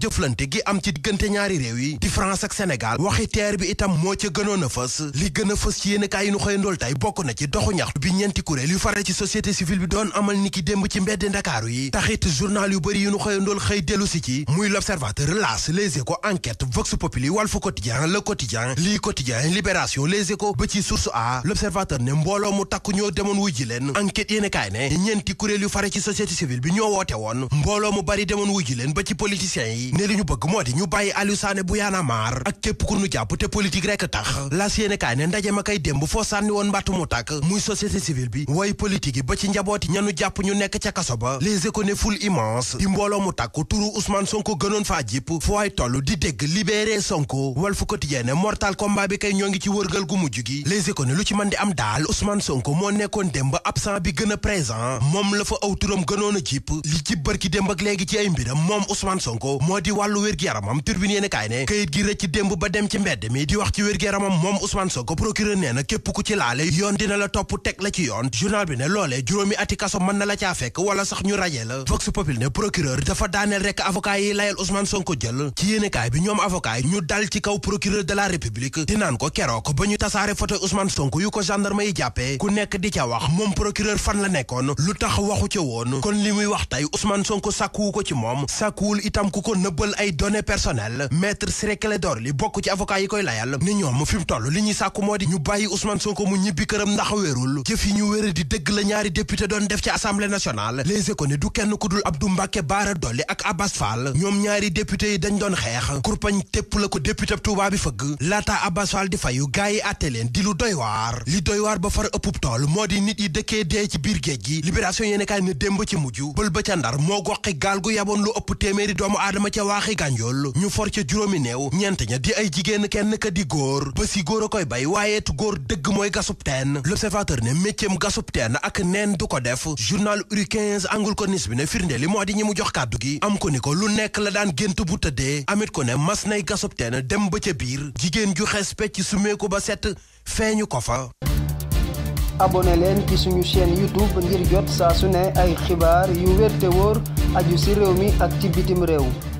jëflante gi am ci diggante ñaari réew yi di France ak Sénégal waxi teer bi itam moo ca gënoon a fës li gën a fës ci yéenekaay yi nu xëyandool tey bokk na ci doxu ñaxtu bi ñeenti kuréel yu fare ci société civile bi doon amal niki démb ci mbedd ndakaaru yi taxit journal yu bëri yu nu xëyandool xëy dellu ci muy l'Observateur L'As Les Échos Enquête Vox Populi Walf Quotidien Le Quotidien lii Quotidien Libération Les Échos ba ci Source A L'Observateur ne mbooloo yi ne li ñu bëgg moo di ñu bàyyi Aliou Sané bu yaana maar ak képp ku nu jàpp te politique rekk tax laas yéene kaay ne ndaje ma kay démb foo sànni woon mbàttu mu tàkk muy société civile bi way politique yi ba ci njabooti ñanu jàpp ñu nekk ca kaso ba les écone ful immense di mbooloo mu tàkk turu Ousmane Sonko gënoon faa jipp foo ay toll di dégg libéré Sonko Walf Quotidien ne mortal combat bi kay ñoo ngi ci wërgal gu mujj gi les écone lu ci mën di am daal a présent moom la a jipp li ci bërki démb ak léegi moo di wàllu wér-gi-yaramam turbine yéen kaay ne kayit gi rëcc démb ba dem ci mbedd mi di wax ci wér-gi-yaramam moom Ousmane Sonko procureur nee na képp ku ci laale yoon dina la topp teg la ci yoon journal bi ne loolee juróomi ati mën na la caa fekk wala sax ñu rajee la Vox ne procureur dafa daaneel rek avocat yi layal Ousmane Sonko jël ci yéen bi ñoom avocat ñu dal ci kaw procureur de la république dinaan ko keroog ba ñu tasaare photo Ousmane nëbbal ay données personnelles maître Ciré Clédor Ly bokk ci avocat yi koy layal ni ñoom fi mu li ñuy sàkku moo di ñu bàyyi Ousmane Sonko mu ñibbi këram ndax wéerul jëf yi ñu wéra di dëgg la ñaari député doon def ci assemblée nationale les économies du kenn ku dul Abdou Mbacké Bara Dolly ak Abbas ñoom ñaari député yi dañ doon xeex kurpañ tépp la ko député Touba bi fëgg laata Abbas di fayu gars yi àtte leen di lu doy li doy waar ba far ëpp tool ca waaxi gànjool ñu for ca juróomi néew ñeent ña di ay jigéen kenn ka di góor ba si góor a koy bay waaye tu góor dëgg mooy gasub teen l'observateur ne méccam gasub teen ak neen du ko def journal uri 15 angul ko nis bi ne firnde li moo di ñi jox kàddu gi am ko ni ko lu nekk la daan gént bu tëddee amit ko ne mas nay gasub teen dem ba ca biir jigéen ju xes pecc sumeeku ba set feeñu ko fa abonné leen ci suñu chaîne youtube ngir jot saa su ne ay xibaar yu mi ak ci bitim réew